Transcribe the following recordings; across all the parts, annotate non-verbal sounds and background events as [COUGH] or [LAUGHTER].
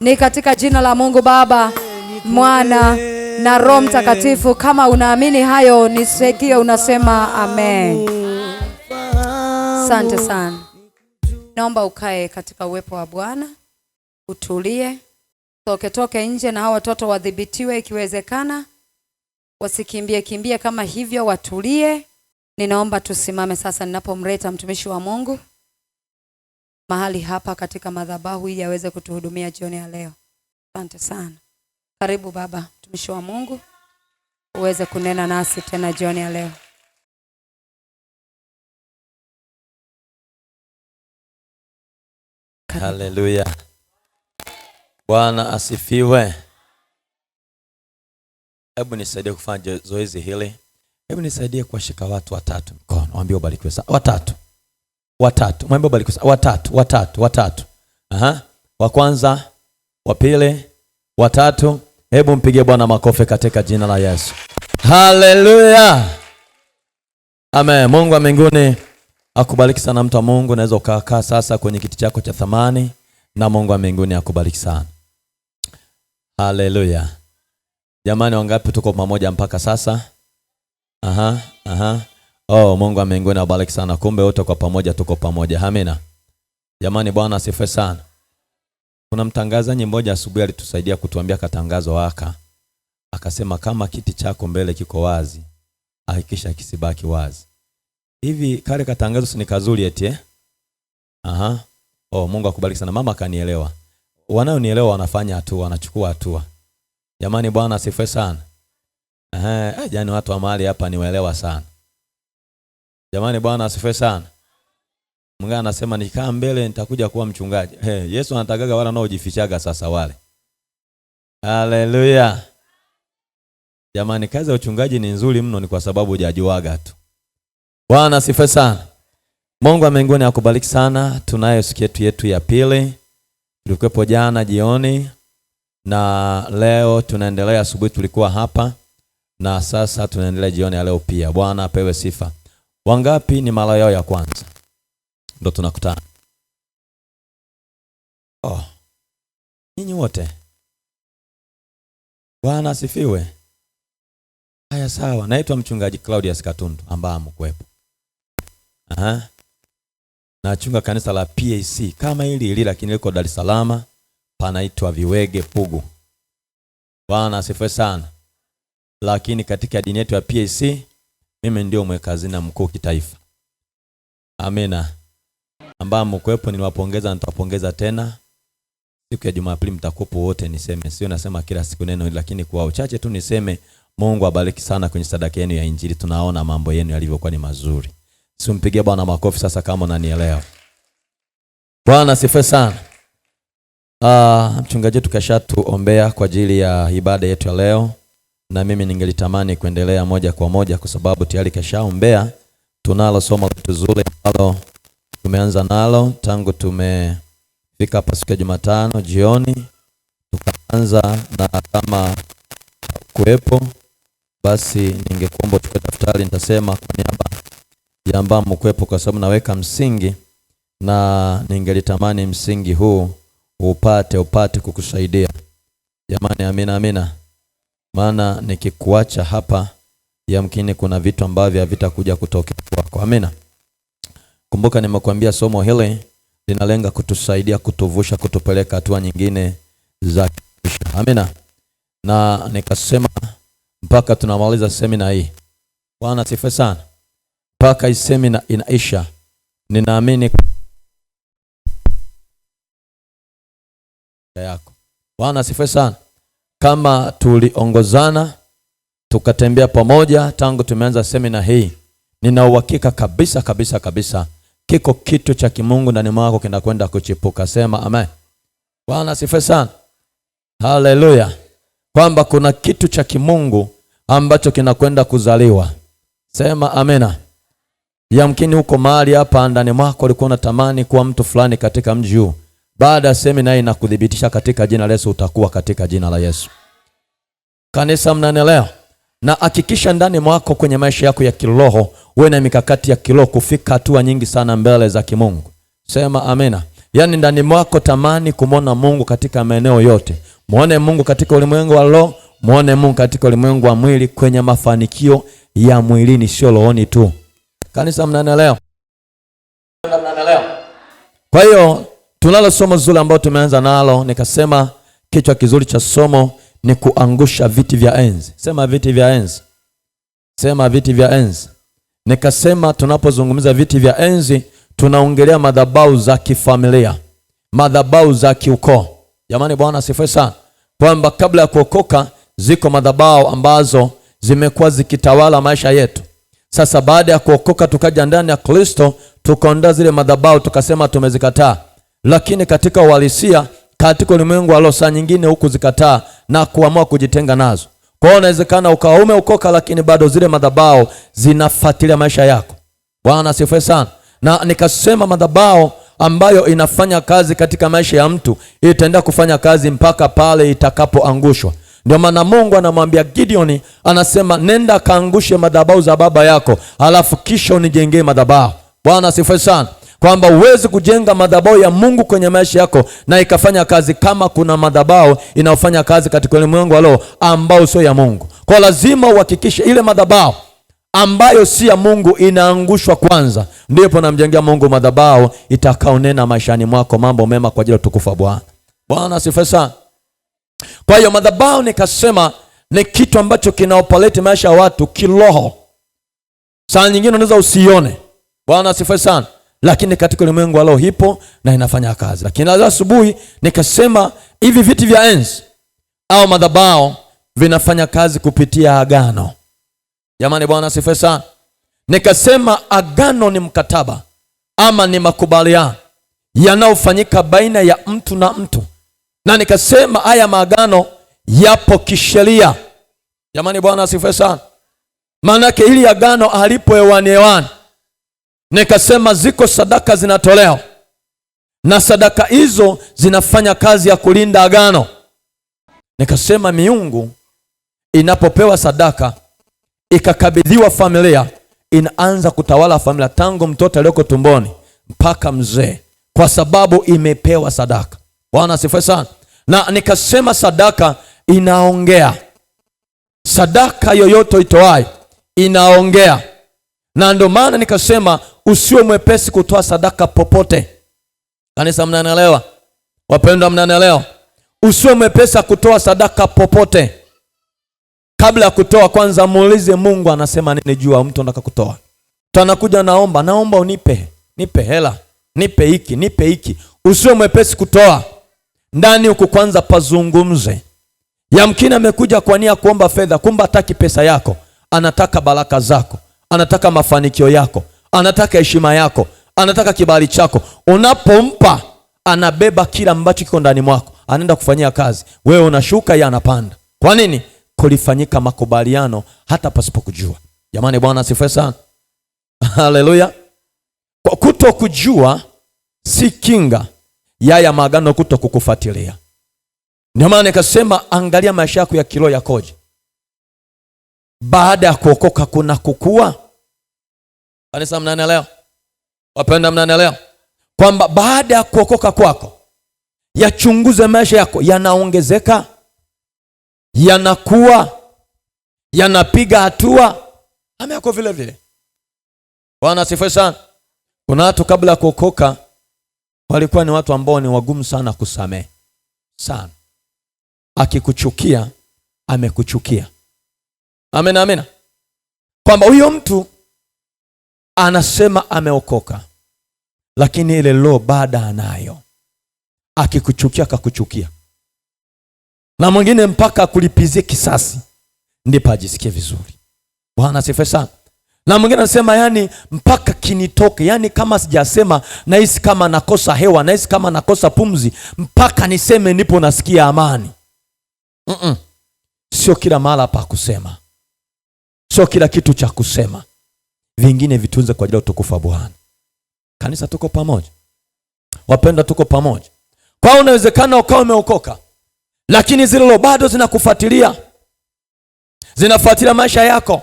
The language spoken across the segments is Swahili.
Ni katika jina la Mungu Baba, Mwana na Roho Mtakatifu. Kama unaamini hayo nisikie unasema amen. Asante sana. Naomba ukae katika uwepo wa Bwana, utulie, toke toke nje, na hao watoto wadhibitiwe, ikiwezekana wasikimbie kimbie kama hivyo, watulie. Ninaomba tusimame sasa, ninapomleta mtumishi wa Mungu mahali hapa katika madhabahu ili aweze kutuhudumia jioni ya leo. Asante sana. Karibu baba mtumishi wa Mungu uweze kunena nasi tena jioni ya leo. Haleluya, Bwana asifiwe. Hebu nisaidie kufanya zoezi hili, hebu nisaidie kuwashika watu watatu mkono, waambie ubarikiwe sana, watatu watatu. Mwambie bali watatu, watatu, watatu. Aha. Wa kwanza, wa pili, watatu. Hebu mpige Bwana makofi katika jina la Yesu. Haleluya. Amen. Mungu wa mbinguni akubariki sana mtu wa Mungu, unaweza ukakaa sasa kwenye kiti chako cha thamani na Mungu wa mbinguni akubariki sana. Haleluya. Jamani, wangapi tuko pamoja mpaka sasa? Aha, aha. Oh, Mungu wa mbinguni abariki sana. Kumbe wote kwa pamoja tuko pamoja. Amina. Jamani, Bwana asifiwe sana. Kuna mtangazaji mmoja asubuhi alitusaidia kutuambia katangazo haka. Akasema kama kiti chako mbele kiko wazi, hakikisha kisibaki wazi. Hivi kale katangazo si kazuri eti eh? Aha. Oh, Mungu akubariki sana. Mama kanielewa. Wanaonielewa wanafanya hatua, wanachukua hatua. Jamani, Bwana asifiwe sana. Eh, jamani watu wa mahali hapa niwaelewa sana. Jamani, Bwana asifiwe sana. Mganga anasema nikaa mbele nitakuja kuwa mchungaji. Hey, Yesu anatagaga wala naojifichaga sasa wale. Haleluya. Jamani, kazi ya uchungaji ni nzuri mno, ni kwa sababu hujajuaga tu. Bwana asifiwe sana. Mungu wa mbinguni akubariki sana. Tunayo siku yetu yetu ya pili. Tulikuwepo jana jioni na leo tunaendelea. Asubuhi tulikuwa hapa na sasa tunaendelea jioni ya leo pia. Bwana apewe sifa. Wangapi ni mara yao ya kwanza? Ndo tunakutana oh. ninyi wote, Bwana asifiwe. Haya, sawa. Naitwa mchungaji Claudius Katundu ambaye amkuwepo. Aha. Nachunga kanisa la PAC kama hili hili, lakini liko Dar es Salaam, panaitwa Viwege Pugu. Bwana asifiwe sana, lakini katika dini yetu ya PAC mimi ndio mweka hazina mkuu kitaifa. Amina. Ambao mkuwepo niliwapongeza na nitawapongeza tena siku ya Jumapili, mtakupo wote. Niseme sio nasema kila siku neno, lakini kwa uchache tu niseme Mungu abariki sana kwenye sadaka yenu ya Injili. Tunaona mambo yenu yalivyokuwa ni mazuri. mpigie Bwana makofi sasa kama unanielewa. Bwana sifa sana. Ah, mchungaji tukashatuombea kwa ajili ya ibada yetu ya leo na mimi ningelitamani kuendelea moja kwa moja kwa sababu tayari kashaombea. Tunalo somo letu zuri ambalo tumeanza nalo tangu tumefika hapa siku ya Jumatano jioni, tukaanza na kama kuwepo basi, ningekuomba uchukue daftari, nitasema kwa niaba ya ambamo kuwepo, kwa sababu naweka msingi na ningelitamani msingi huu upate upate kukusaidia jamani. Amina, amina maana nikikuacha hapa yamkini kuna vitu ambavyo havitakuja kutokea kwako. Amina. Kumbuka nimekuambia somo hili linalenga kutusaidia kutuvusha, kutupeleka hatua nyingine za kisha. Amina. Na nikasema mpaka tunamaliza semina hii. Bwana sifa sana. Mpaka hii semina inaisha. Ninaamini yako. Bwana sifa sana kama tuliongozana tukatembea pamoja tangu tumeanza semina hii, nina uhakika kabisa kabisa kabisa kiko kitu cha kimungu ndani mwako kinakwenda kuchipuka. Sema amen. Bwana sifa sana, haleluya, kwamba kuna kitu cha kimungu ambacho kinakwenda kuzaliwa. Sema amena. Yamkini huko mahali hapa ndani mwako ulikuwa unatamani kuwa mtu fulani katika mji huu baada ya semina inakuthibitisha katika jina la Yesu, utakuwa katika jina la Yesu. Kanisa, mnanielewa? Na hakikisha ndani mwako kwenye maisha yako ya kiroho uwe na mikakati ya kiroho kufika hatua nyingi sana mbele za kimungu. Sema amena. Yaani ndani mwako tamani kumwona Mungu katika maeneo yote. Muone Mungu katika ulimwengu wa roho, muone Mungu katika ulimwengu wa mwili kwenye mafanikio ya mwilini sio rohoni tu. Kanisa, mnanielewa? Kwa hiyo Tunalo somo zuri ambalo tumeanza nalo, nikasema kichwa kizuri cha somo ni kuangusha viti vya enzi. Sema viti vya enzi, sema viti vya enzi. Nikasema tunapozungumza viti vya enzi, tunaongelea madhabahu za kifamilia, madhabahu za kiukoo. Jamani, Bwana asifiwe sana, kwamba kabla ya kuokoka ziko madhabahu ambazo zimekuwa zikitawala maisha yetu. Sasa baada ya kuokoka tukaja ndani ya Kristo, tukaondoa zile madhabahu, tukasema tumezikataa lakini katika uhalisia katika ulimwengu alio saa nyingine huku zikataa na kuamua kujitenga nazo. Kwa hiyo inawezekana ukawa umeokoka, lakini bado zile madhabao zinafuatilia maisha yako. Bwana asifiwe sana. Na nikasema madhabao ambayo inafanya kazi katika maisha ya mtu itaenda kufanya kazi mpaka pale itakapoangushwa. Ndio maana Mungu anamwambia Gideoni, anasema nenda kaangushe madhabahu za baba yako, alafu kisha unijengee madhabahu. Bwana asifiwe sana kwamba uwezi kujenga madhabahu ya Mungu kwenye maisha yako na ikafanya kazi kama kuna madhabahu inayofanya kazi katika ulimwengu wa roho ambao sio ya Mungu. Kwa lazima uhakikishe ile madhabahu ambayo si ya Mungu inaangushwa kwanza, ndipo namjengea Mungu madhabahu itakaonena maishani mwako mambo mema kwa ajili ya utukufu wa Bwana. Bwana sifa sana. Kwa hiyo madhabahu nikasema ni kitu ambacho kinaopaleti maisha ya watu kiroho, saa nyingine unaweza usione. Bwana sifa sana lakini katika ulimwengu alo hipo na inafanya kazi. Lakini leo asubuhi nikasema hivi viti vya enzi au madhabao vinafanya kazi kupitia agano. Jamani, Bwana asifiwe sana. Nikasema agano ni mkataba ama ni makubaliano yanayofanyika baina ya mtu na mtu, na nikasema haya maagano yapo kisheria. Jamani, Bwana asifiwe sana. Maanake ili agano alipo hewani hewani Nikasema ziko sadaka zinatolewa na sadaka hizo zinafanya kazi ya kulinda agano. Nikasema miungu inapopewa sadaka ikakabidhiwa familia, inaanza kutawala familia tangu mtoto aliyoko tumboni mpaka mzee, kwa sababu imepewa sadaka. Bwana asifiwe sana. Na nikasema sadaka inaongea, sadaka yoyote itoayo inaongea na ndio maana nikasema usiwe mwepesi kutoa sadaka popote. Kanisa, mnanielewa? Wapendwa, mnanielewa? Usiwe mwepesi kutoa sadaka popote. Kabla ya kutoa, kwanza muulize Mungu anasema nini juu ya mtu anataka kutoa. Tanakuja naomba, naomba unipe, nipe hela, nipe hiki, nipe hiki. Usiwe mwepesi kutoa. Ndani huku kwanza pazungumze. Yamkini amekuja kwa nia kuomba fedha, kumbe hataki pesa yako, anataka baraka zako anataka mafanikio yako, anataka heshima yako, anataka kibali chako. Unapompa anabeba kila ambacho kiko ndani mwako, anaenda kufanyia kazi. Wewe unashuka, yeye anapanda. Kwa nini? Kulifanyika makubaliano hata pasipo kujua. Jamani, Bwana asifiwe sana, [LAUGHS] haleluya. Kwa kuto kujua si kinga yaya maagano kuto kukufuatilia. Ndio maana nikasema, angalia maisha yako ya kiroho yakoje baada ya kuokoka kuna kukua. Kanisa, mnanielewa wapenda? Mnanielewa kwamba baada ya kuokoka kwako yachunguze maisha yako, yanaongezeka, yanakuwa, yanapiga hatua ama yako vile vile. Bwana asifiwe sana. Kuna watu kabla ya kuokoka walikuwa ni watu ambao ni wagumu sana kusamehe sana. Akikuchukia amekuchukia Amina, amina, kwamba huyo mtu anasema ameokoka, lakini ile lo baada anayo, akikuchukia akakuchukia, na mwingine mpaka akulipizie kisasi, ndipo ajisikie vizuri. Bwana asifiwe sana. Na mwingine anasema yani, mpaka kinitoke, yani kama sijasema nahisi kama nakosa hewa, nahisi kama nakosa pumzi, mpaka niseme ndipo nasikia amani. Mm -mm. Sio kila mahala pa kusema sio kila kitu cha kusema, vingine vitunze kwa ajili ya utukufu wa Bwana. Kanisa, tuko pamoja wapenda tuko pamoja. Kwa unawezekana ukawa umeokoka, lakini zililo bado zinakufuatilia, zinafuatilia maisha yako.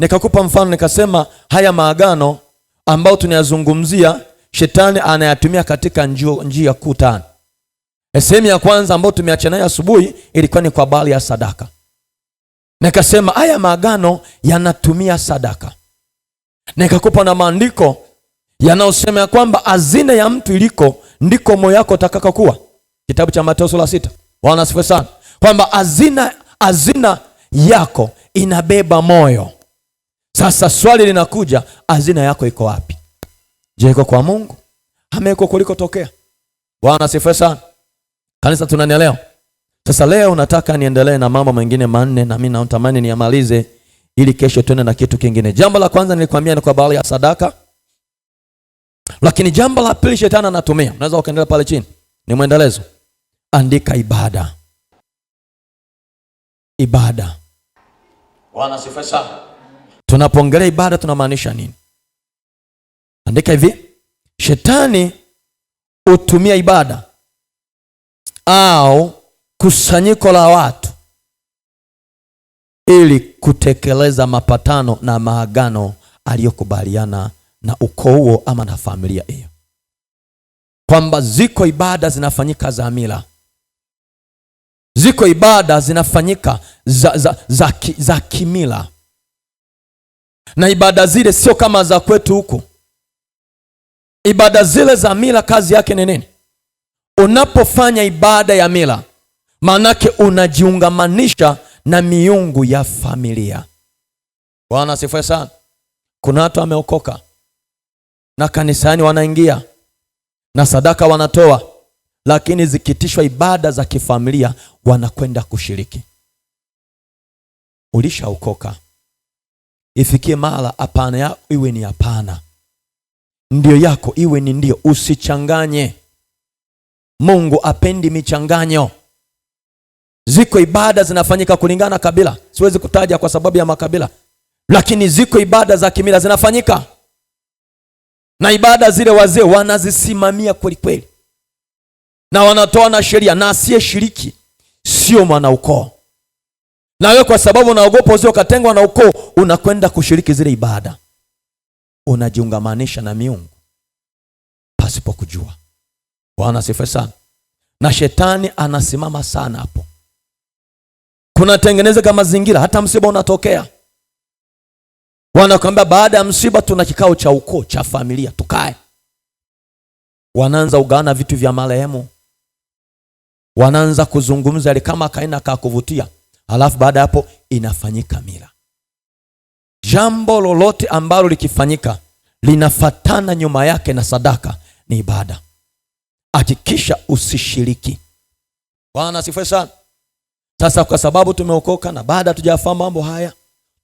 Nikakupa mfano nikasema, haya maagano ambayo tunayazungumzia shetani anayatumia katika njio, njia kuu tano. Eh, sehemu ya kwanza ambayo tumeacha nayo asubuhi ilikuwa ni kwa bali ya sadaka. Nikasema haya maagano yanatumia sadaka. Nikakupa na maandiko yanayosema ya kwamba azina ya mtu iliko ndiko moyo wako utakaka kuwa, kitabu cha Mateo sura sita. Bwana asifiwe sana, kwamba azina, azina yako inabeba moyo. Sasa swali linakuja, azina yako iko wapi? Je, iko kwa Mungu ama iko kulikotokea? Bwana asifiwe sana, kanisa, tunanielewa? Sasa leo nataka niendelee na mambo mengine manne na mimi natamani niamalize ili kesho tuende na kitu kingine. Jambo la kwanza nilikwambia ni kwa bali ya sadaka. Lakini jambo la pili shetani anatumia. Unaweza ukaendelea pale chini. Ni mwendelezo. Andika ibada. Ibada. Bwana sifa sana. Tunapoongelea ibada tunamaanisha nini? Andika hivi. Shetani hutumia ibada au kusanyiko la watu ili kutekeleza mapatano na maagano aliyokubaliana na ukoo huo ama na familia hiyo, kwamba ziko ibada zinafanyika za mila, ziko ibada zinafanyika za, za, za, ki, za kimila, na ibada zile sio kama za kwetu huku. Ibada zile za mila kazi yake ni nini? Unapofanya ibada ya mila maanake unajiungamanisha na miungu ya familia. Bwana sifue sana. Kuna watu wameokoka na kanisani wanaingia na sadaka wanatoa, lakini zikitishwa ibada za kifamilia wanakwenda kushiriki. Ulishaokoka, ifikie mahala hapana yako iwe ni hapana, ndio yako iwe ni ndio. Usichanganye. Mungu apendi michanganyo. Ziko ibada zinafanyika kulingana kabila, siwezi kutaja kwa sababu ya makabila, lakini ziko ibada za kimila zinafanyika, na ibada zile wazee wanazisimamia kweli, na wanatoa na sheria, na asiyeshiriki sio ukoo. Na wewe kwa sababu unaogopa usio ukatengwa na ukoo, unakwenda kushiriki zile ibada, unajiungamanisha na miungu pasipo kujua. Bwana sifa sana, na shetani anasimama sana hapo kunatengenezeka mazingira, hata msiba unatokea. Wanakwambia baada ya msiba tuna kikao cha ukoo cha familia, tukae. Wanaanza ugana vitu vya marehemu, wanaanza kuzungumza ile kama kaina kakuvutia, alafu baada ya hapo inafanyika mila. Jambo lolote ambalo likifanyika linafatana nyuma yake na sadaka, ni ibada. Hakikisha usishiriki. Bwana asifiwe sana. Sasa kwa sababu tumeokoka na baada tujafahamu mambo haya,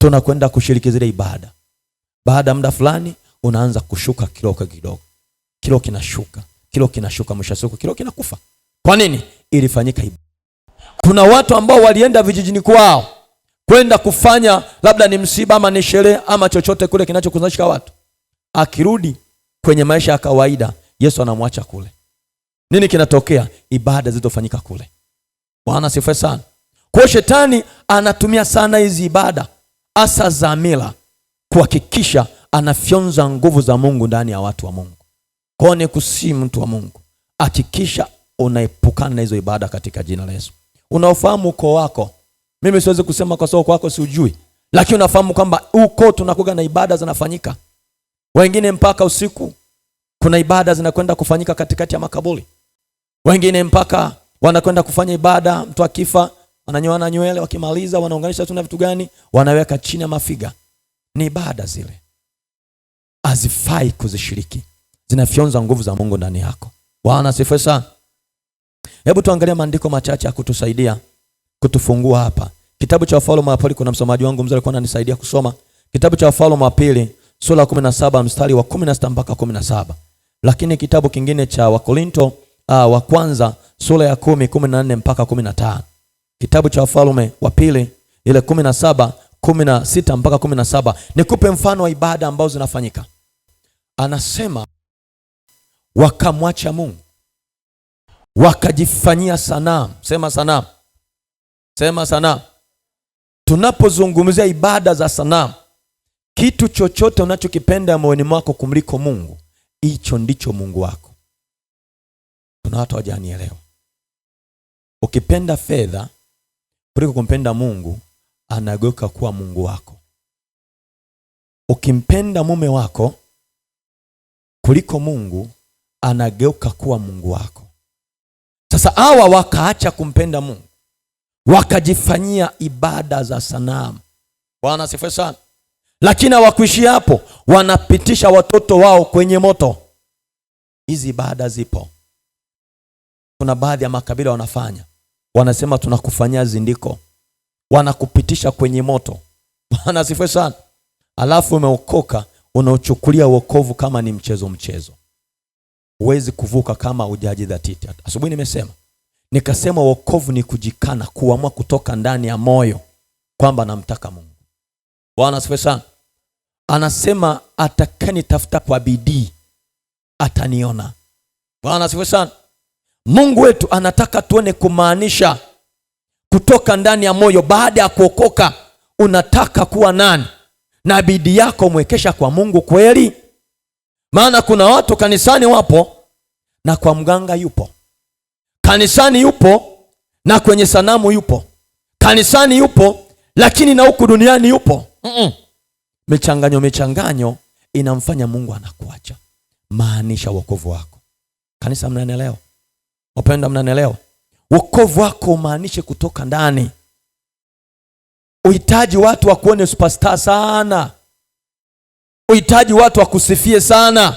tunakwenda kushiriki zile ibada. Baada muda fulani unaanza kushuka kilo kwa kidogo, kilo kinashuka, kilo kinashuka, mwisho siku kilo kinakufa. Kwa nini? Ilifanyika ibada. Kuna watu ambao walienda vijijini kwao kwenda kufanya labda ni msiba ama ni sherehe ama chochote kule kinachokuzanisha watu, akirudi kwenye maisha ya kawaida, Yesu anamwacha kule. Nini kinatokea? Ibada zilizofanyika kule. Bwana sifa sana. Kwa hiyo shetani anatumia sana hizi ibada hasa za mila kuhakikisha anafyonza nguvu za Mungu ndani ya watu wa Mungu. Kwa ni kusii mtu wa Mungu, hakikisha unaepukana na hizo ibada katika jina la Yesu. Unaofahamu ukoo wako, mimi siwezi kusema kwa sababu ukoo wako siujui, lakini unafahamu kwamba ukoo tunakuwa na ibada zinafanyika, wengine mpaka usiku kuna ibada zinakwenda kufanyika katikati ya makaburi, wengine mpaka wanakwenda kufanya ibada, mtu akifa wananyoana nywele, wakimaliza wanaunganisha tuna vitu gani, wanaweka chini ya mafiga. Ni ibada zile, hazifai kuzishiriki, zinafyonza nguvu za Mungu ndani yako. Bwana sifiwe sana. Hebu tuangalie maandiko machache ya kutusaidia kutufungua hapa. Kitabu cha Wafalme wa Pili, kuna msomaji wangu mzuri alikuwa ananisaidia kusoma kitabu cha Wafalme wa Pili sura ya 17 mstari wa 16 mpaka 17, lakini kitabu kingine cha Wakorinto uh, wa kwanza sura ya 10 14 mpaka 15. Kitabu cha wafalume wa Pili ile kumi na saba kumi na sita mpaka kumi na saba Nikupe mfano wa ibada ambazo zinafanyika. Anasema wakamwacha Mungu wakajifanyia sanamu. Sema sanamu, sema sanamu. Tunapozungumzia ibada za sanamu, kitu chochote unachokipenda moyoni mwako kumliko Mungu, hicho ndicho Mungu wako. Kuna watu hawajanielewa. Ukipenda fedha kuliko kumpenda Mungu anageuka kuwa Mungu wako. Ukimpenda mume wako kuliko Mungu anageuka kuwa Mungu wako. Sasa hawa wakaacha kumpenda Mungu wakajifanyia ibada za sanamu. Bwana asifiwe sana. Lakini hawakuishi hapo, wanapitisha watoto wao kwenye moto. Hizi ibada zipo, kuna baadhi ya makabila wanafanya wanasema tunakufanyia zindiko, wanakupitisha kwenye moto. [LAUGHS] Bwana asifiwe sana. Alafu umeokoka unaochukulia wokovu kama ni mchezo mchezo, huwezi kuvuka kama dhatiti. Asubuhi nimesema nikasema, wokovu ni kujikana, kuamua kutoka ndani ya moyo kwamba namtaka Mungu. Bwana asifiwe sana. Anasema atakanitafuta kwa bidii ataniona. Bwana asifiwe sana. Mungu wetu anataka tuone kumaanisha kutoka ndani ya moyo. Baada ya kuokoka, unataka kuwa nani? Na bidii yako mwekesha kwa Mungu kweli? Maana kuna watu kanisani wapo na kwa mganga yupo, kanisani yupo na kwenye sanamu yupo, kanisani yupo lakini na huku duniani yupo. mm -mm. Michanganyo michanganyo inamfanya Mungu anakuacha. Maanisha wokovu wako, kanisa, mnanielewa? Wapenda, mnanielewa? Wokovu wako umaanishe kutoka ndani. Uhitaji watu wakuone supastar sana, uhitaji watu wakusifie sana.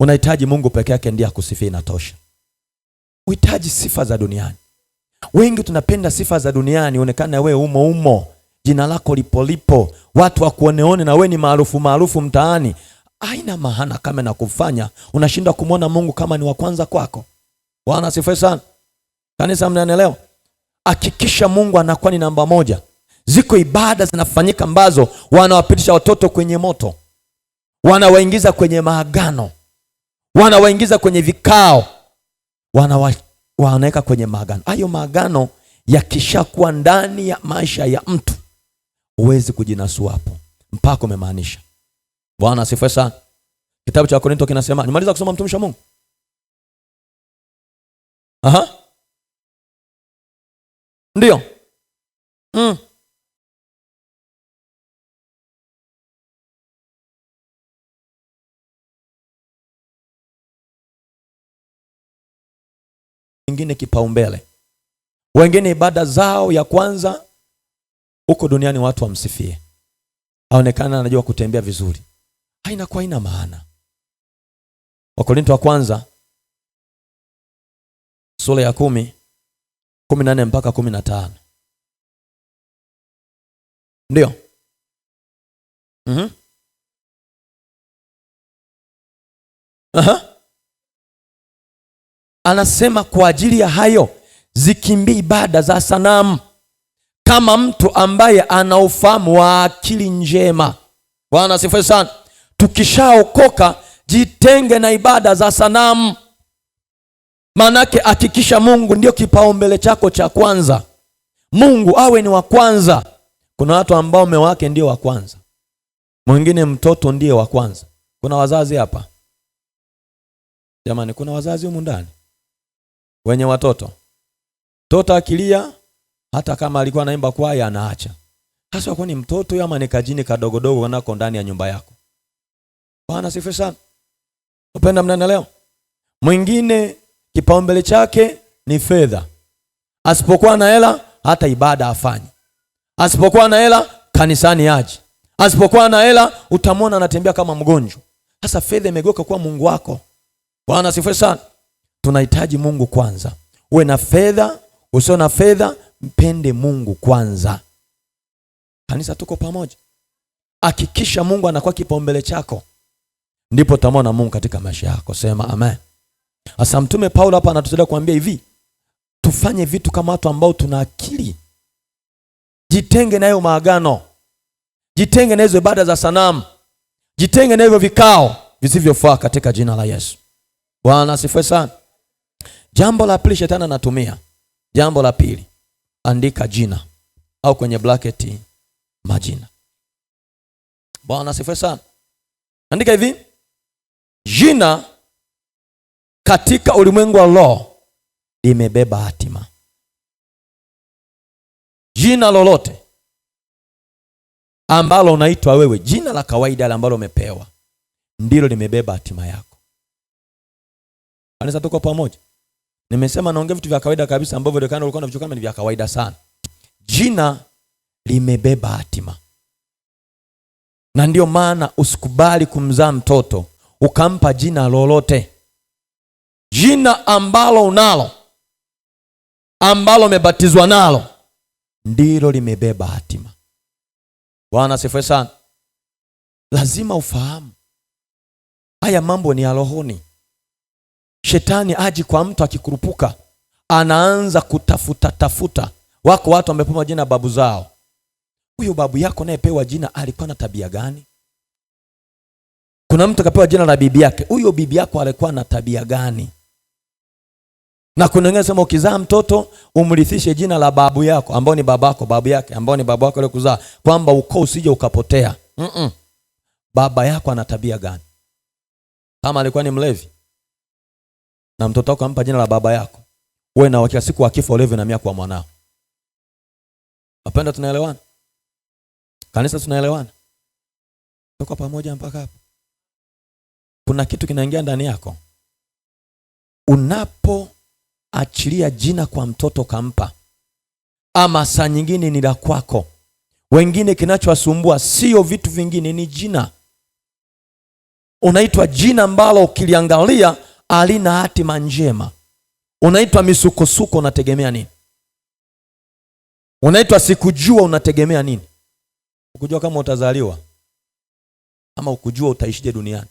Unahitaji Mungu peke yake ndiye akusifie, inatosha. Uhitaji sifa za duniani. Wengi tunapenda sifa za duniani, onekana we umo umo, jina lako lipo lipo, watu wakuoneone na wee ni maarufu maarufu mtaani. aina mahana kama nakufanya unashindwa kumwona Mungu kama ni wa kwanza kwako. Bwana asifiwe sana. Kanisa, mnanielewa? Hakikisha Mungu anakuwa ni namba moja. Ziko ibada zinafanyika ambazo wanawapitisha watoto kwenye moto, wanawaingiza kwenye maagano, wanawaingiza kwenye vikao, wanaweka kwenye maagano. Hayo maagano yakishakuwa ndani ya maisha ya mtu, huwezi kujinasua hapo mpaka umemaanisha. Bwana asifiwe sana. Kitabu cha Korinto kinasema, nimaliza kusoma mtumishi wa Mungu Aha. Ndiyo. Mm. Wengine kipaumbele, wengine ibada zao ya kwanza huko duniani watu wamsifie, aonekana anajua kutembea vizuri, kwa ina maana. Wakorinto wa kwanza sura ya kumi kumi na nne mpaka kumi na tano ndiyo mm -hmm. Aha. Anasema kwa ajili ya hayo zikimbii ibada za sanamu kama mtu ambaye ana ufahamu wa akili njema. Bwana asifiwe sana. Tukishaokoka jitenge na ibada za sanamu. Maanake hakikisha Mungu ndio kipaumbele chako cha kwanza. Mungu awe ni wa kwanza. Kuna watu ambao mume wake ndio wa kwanza, mwingine mtoto ndiye wa kwanza. Kuna wazazi hapa jamani, kuna wazazi humu ndani wenye watoto. Mtoto akilia, hata kama alikuwa anaimba kwaya, anaacha hasa kwa ni mtoto ama ni kajini kadogodogo kanako ndani ya nyumba yako. Bwana sifiwe sana. Upenda mnana mwingine Kipaumbele chake ni fedha. Asipokuwa na hela, hata ibada hafanyi. Asipokuwa na hela, kanisani aje. Asipokuwa na hela, utamwona anatembea kama mgonjwa. Sasa fedha imegeuka kuwa mungu wako. Bwana asifiwe sana. Tunahitaji Mungu kwanza. Uwe na fedha, usio na fedha, mpende Mungu kwanza. Kanisa, tuko pamoja. Hakikisha Mungu anakuwa kipaumbele chako, ndipo utamwona Mungu katika maisha yako. Sema amen. Asa mtume Paulo hapa anatutolea kuambia hivi, tufanye vitu kama watu ambao tuna akili. Jitenge na hayo maagano, jitenge na hizo ibada za sanamu, jitenge na hivyo vikao visivyofaa katika jina la Yesu. Bwana asifiwe sana. Jambo la pili shetani anatumia, jambo la pili, andika jina au kwenye bracket majina. Bwana asifiwe sana. Andika hivi jina katika ulimwengu wa roho limebeba hatima. Jina lolote ambalo unaitwa wewe, jina la kawaida la ambalo umepewa, ndilo limebeba hatima yako. Anaweza tuko pamoja? Nimesema naongea vitu vya kawaida kabisa ambavyo ndio kana ulikuwa unavichukua kama ni vya kawaida sana. Jina limebeba hatima, na ndio maana usikubali kumzaa mtoto ukampa jina lolote jina ambalo unalo ambalo umebatizwa nalo ndilo limebeba hatima. Bwana asifiwe sana. Lazima ufahamu haya mambo ni ya rohoni. Shetani aji kwa mtu akikurupuka, anaanza kutafuta tafuta. Wako watu wamepewa jina babu zao. Huyo babu yako nayepewa jina alikuwa na tabia gani? Kuna mtu akapewa jina la bibi yake, huyo bibi yako alikuwa na tabia gani? Na kuna wengine sema ukizaa mtoto umrithishe jina la babu yako ambao ni babako, babu yake ambao ni babu yako aliyokuzaa, kwamba ukoo usije ukapotea. Mm -mm. Baba yako ana tabia gani? Kama alikuwa ni mlevi na mtoto wako ampa jina la baba yako, wewe na wakati siku akifa ulevi na miaka kwa mwanao. Wapenda, tunaelewana? Kanisa, tunaelewana? Tuko pamoja mpaka hapa? Kuna kitu kinaingia ndani yako unapo achilia jina kwa mtoto kampa, ama saa nyingine ni la kwako. Wengine kinachowasumbua sio vitu vingine, ni jina. Unaitwa jina ambalo ukiliangalia halina hatima njema. Unaitwa misukosuko, unategemea nini? Unaitwa sikujua, unategemea nini? Ukujua kama utazaliwa ama ukujua utaishije duniani?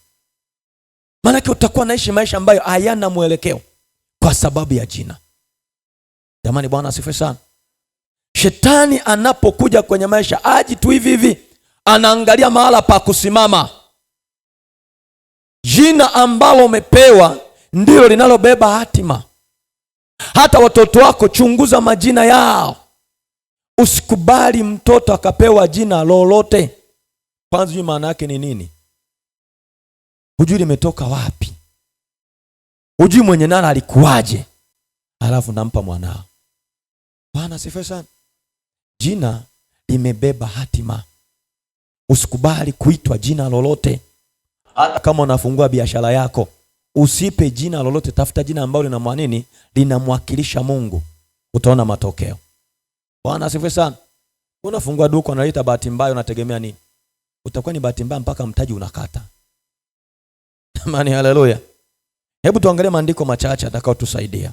Maanake utakuwa naishi maisha ambayo hayana mwelekeo kwa sababu ya jina. Jamani, Bwana asifiwe sana. Shetani anapokuja kwenye maisha aji tu hivi hivi, anaangalia mahala pa kusimama. Jina ambalo umepewa ndilo linalobeba hatima. Hata watoto wako, chunguza majina yao. Usikubali mtoto akapewa jina lolote, kwanza hujui maana yake ni nini, hujui limetoka wapi hujui mwenye nala alikuwaje, alafu nampa mwanao. Bwana sifa sana. Jina limebeba hatima. Usikubali kuitwa jina lolote, hata kama unafungua biashara yako usipe jina lolote, tafuta jina ambalo lina linamwanini, linamwakilisha Mungu, utaona matokeo. Bwana sifa sana. Unafungua duka unaleta bahati mbaya, unategemea nini? Utakuwa ni bahati mbaya mpaka mtaji unakata. [LAUGHS] Amani, haleluya. Hebu tuangalie maandiko machache atakayotusaidia.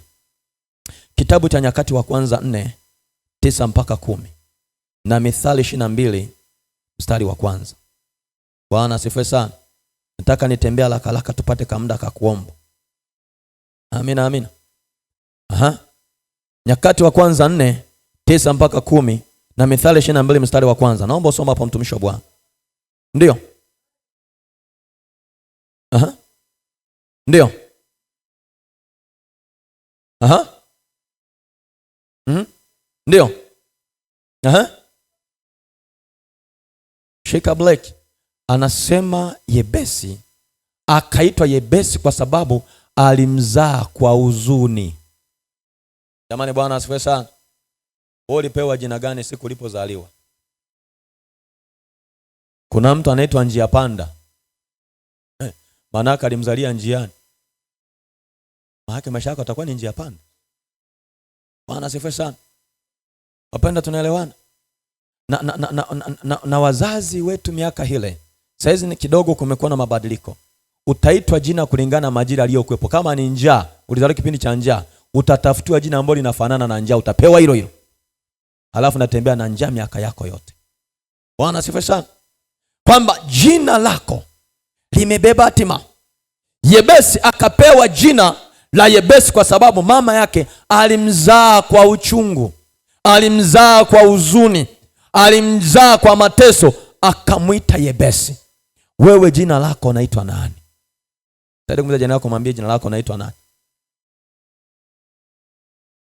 Kitabu cha Nyakati wa Kwanza nne tisa mpaka kumi na Mithali ishirini na mbili mstari wa kwanza. Bwana asifiwe sana. Nataka nitembea haraka haraka tupate kamda ka kuomba. Amina, amina. Aha. Nyakati wa Kwanza nne tisa mpaka kumi na Mithali ishirini na mbili mstari wa kwanza. Naomba usome hapo, mtumishi wa Bwana. Ndio, ndio. Aha. Mm-hmm. Ndio. Aha. Sheka Black anasema Yebesi akaitwa Yebesi kwa sababu alimzaa kwa huzuni. Jamani, Bwana asifiwe sana. Wewe ulipewa jina gani siku ulipozaliwa? Kuna mtu anaitwa njia panda, eh, maanake alimzalia njiani maana maisha yako atakuwa ni njia panda. Bwana asifiwe sana. Wapenda, tunaelewana na, na, na, na, na, na, na wazazi wetu miaka hile, saizi ni kidogo kumekuwa na mabadiliko. Utaitwa jina kulingana na majira aliyokuwepo. Kama ni njaa, ulizaliwa kipindi cha njaa, utatafutiwa jina ambalo linafanana na njaa, utapewa hilo hilo. alafu natembea na njaa miaka yako yote. Bwana asifiwe sana, kwamba jina lako limebeba hatima. Yebesi akapewa jina la Yebesi, kwa sababu mama yake alimzaa kwa uchungu, alimzaa kwa huzuni, alimzaa kwa mateso, akamwita Yebesi. Wewe jina lako unaitwa nani? Jina lako mwambie, jina lako unaitwa nani?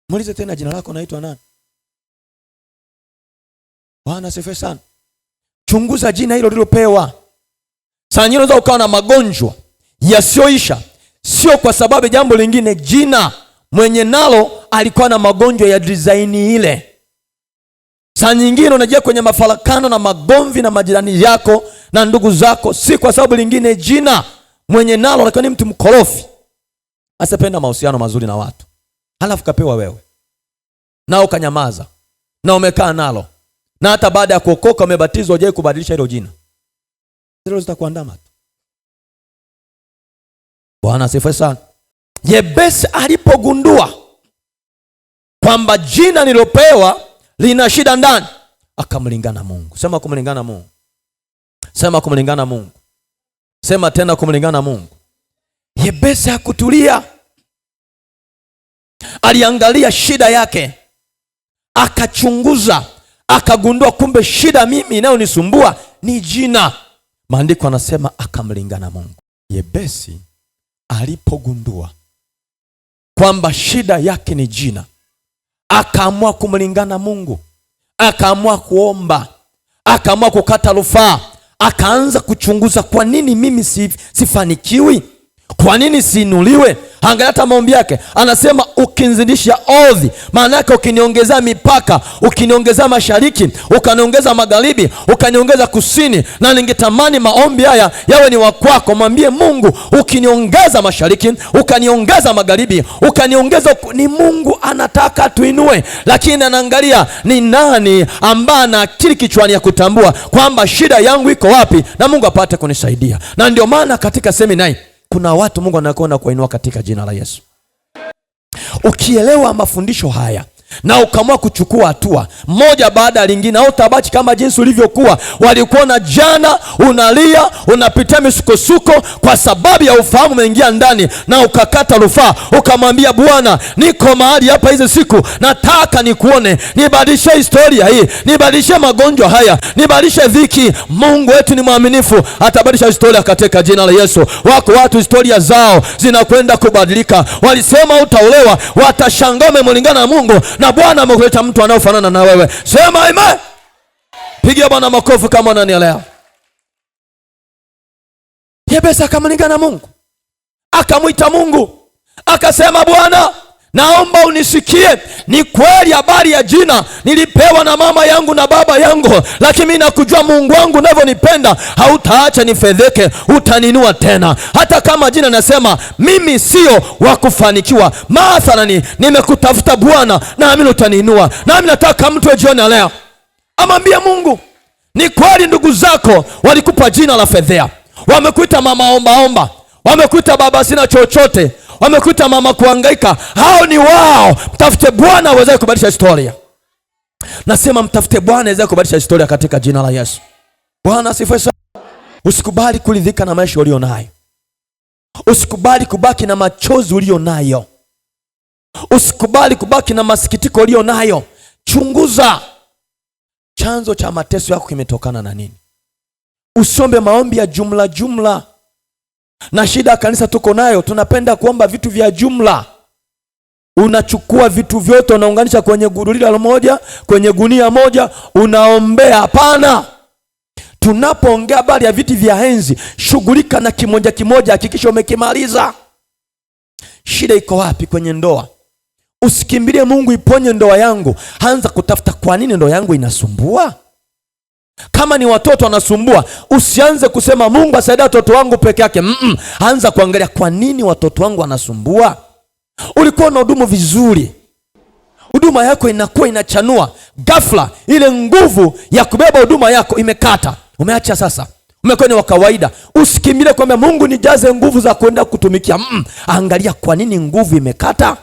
Muulize tena, jina lako unaitwa nani? Bwana sifa sana. Chunguza jina hilo lilopewa. Sana nyinyi unaweza ukawa na magonjwa yasiyoisha sio kwa sababu jambo lingine. Jina mwenye nalo alikuwa na magonjwa ya dizaini ile. Saa nyingine unajia kwenye mafarakano na magomvi na majirani yako na ndugu zako, si kwa sababu lingine. Jina mwenye nalo alikuwa ni mtu mkorofi, asipenda mahusiano mazuri na watu, halafu kapewa wewe na ukanyamaza na umekaa nalo, na hata baada ya kuokoka umebatizwa, hujai kubadilisha hilo jina, zitakuandama tu. Bwana asifiwe sana. Yebesi alipogundua kwamba jina nilopewa lina shida ndani, akamlingana Mungu. Sema kumlingana Mungu, sema kumlingana Mungu, sema tena kumlingana Mungu. Yebesi hakutulia, aliangalia shida yake, akachunguza, akagundua kumbe shida mimi inayonisumbua ni jina. Maandiko anasema akamlingana Mungu Yebesi alipogundua kwamba shida yake ni jina, akaamua kumlingana Mungu, akaamua kuomba, akaamua kukata rufaa, akaanza kuchunguza, kwa nini mimi sifanikiwi? Kwa nini siinuliwe? Angalia hata maombi yake, anasema ukinzidisha odhi, maana yake ukiniongezea mipaka, ukiniongezea mashariki, ukaniongeza magharibi, ukaniongeza kusini. Na ningetamani maombi haya yawe ni wakwako. Mwambie Mungu, ukiniongeza mashariki, ukaniongeza magharibi, ukaniongeza. Ni Mungu anataka tuinue, lakini anaangalia ni nani ambaye ana akili kichwani ya kutambua kwamba shida yangu iko wapi, na Mungu apate kunisaidia. Na ndio maana katika seminari kuna watu Mungu anakuona kuinua katika jina la Yesu. Ukielewa mafundisho haya na ukaamua kuchukua hatua moja baada ya lingine, au tabaki kama jinsi ulivyokuwa. Walikuona jana unalia, unapitia misukosuko, kwa sababu ya ufahamu umeingia ndani, na ukakata rufaa, ukamwambia Bwana, niko mahali hapa, hizi siku nataka nikuone, nibadilishe historia hii, nibadilishe magonjwa haya, nibadilishe dhiki. Mungu wetu ni mwaminifu, atabadilisha historia katika jina la Yesu. Wako watu historia zao zinakwenda kubadilika. Walisema utaolewa, watashangaa umemlingana na Mungu na Bwana amekuleta mtu anaofanana na wewe. Sema ime Pigia Bwana makofi kama unanielewa. Yebesa akamlingana na Mungu, akamwita Mungu, akasema Bwana Naomba unisikie, ni kweli habari ya jina nilipewa na mama yangu na baba yangu, lakini mimi nakujua Mungu wangu unavyonipenda, hautaacha nifedheke, utaninua tena. Hata kama jina nasema mimi sio wa kufanikiwa, mathalani nimekutafuta Bwana, nami utaninua. Nami nataka mtu ajione leo, amwambie Mungu, ni kweli ndugu zako walikupa jina la fedhea, wamekuita mama omba omba, wamekuita baba sina chochote wamekuta mama kuhangaika, hao ni wao. Mtafute Bwana awezaye kubadilisha historia. Nasema mtafute Bwana awezaye kubadilisha historia katika jina la Yesu. Bwana asifiwe sana. Usikubali kuridhika na maisha ulio nayo, usikubali kubaki na machozi ulio nayo, usikubali kubaki na masikitiko ulio nayo. Chunguza chanzo cha mateso yako kimetokana na nini. Usiombe maombi ya jumla jumla. Na shida kanisa tuko nayo, tunapenda kuomba vitu vya jumla. Unachukua vitu vyote unaunganisha kwenye gurulila moja, kwenye gunia moja, unaombea. Hapana, tunapoongea habari ya viti vya enzi, shughulika na kimoja kimoja, hakikisha umekimaliza. Shida iko wapi? Kwenye ndoa. Usikimbilie Mungu iponye ndoa yangu, anza kutafuta kwa nini ndoa yangu inasumbua. Kama ni watoto wanasumbua, usianze kusema Mungu asaidie watoto wangu peke yake. Mm -mm. Anza kuangalia kwa nini watoto wangu wanasumbua. Ulikuwa na hudumu vizuri, huduma yako inakuwa inachanua, ghafla ile nguvu ya kubeba huduma yako imekata, umeacha sasa umekuwa ni wa kawaida. Usikimbilie kwamba Mungu nijaze nguvu za kuenda kutumikia. Mm -mm. Angalia kwa nini nguvu imekata.